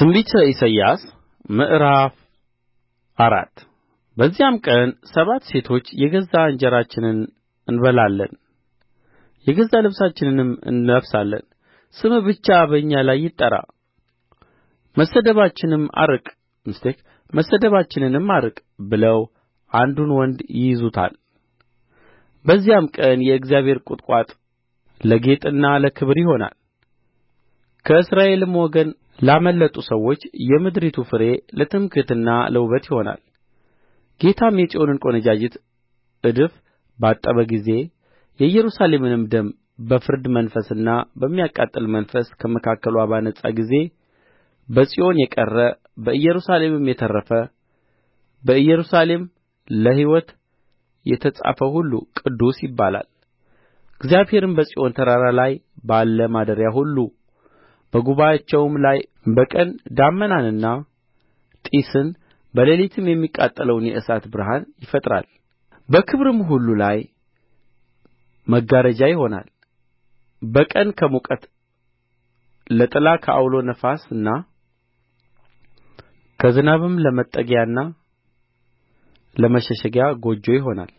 ትንቢተ ኢሳይያስ ምዕራፍ አራት በዚያም ቀን ሰባት ሴቶች የገዛ እንጀራችንን እንበላለን የገዛ ልብሳችንንም እንለብሳለን ስምህ ብቻ በእኛ ላይ ይጠራ መሰደባችንም አርቅ መሰደባችንንም አርቅ ብለው አንዱን ወንድ ይይዙታል። በዚያም ቀን የእግዚአብሔር ቍጥቋጥ ለጌጥና ለክብር ይሆናል። ከእስራኤልም ወገን ላመለጡ ሰዎች የምድሪቱ ፍሬ ለትምክሕትና ለውበት ይሆናል ጌታም የጽዮንን ቈነጃጅት እድፍ ባጠበ ጊዜ የኢየሩሳሌምንም ደም በፍርድ መንፈስና በሚያቃጥል መንፈስ ከመካከልዋ ባነጻ ጊዜ በጽዮን የቀረ በኢየሩሳሌምም የተረፈ በኢየሩሳሌም ለሕይወት የተጻፈ ሁሉ ቅዱስ ይባላል እግዚአብሔርም በጽዮን ተራራ ላይ ባለ ማደሪያ ሁሉ በጉባኤአቸውም ላይ በቀን ደመናንና ጢስን በሌሊትም የሚቃጠለውን የእሳት ብርሃን ይፈጥራል በክብርም ሁሉ ላይ መጋረጃ ይሆናል በቀን ከሙቀት ለጥላ ከዐውሎ ነፋስና ከዝናብም ለመጠጊያና ለመሸሸጊያ ጎጆ ይሆናል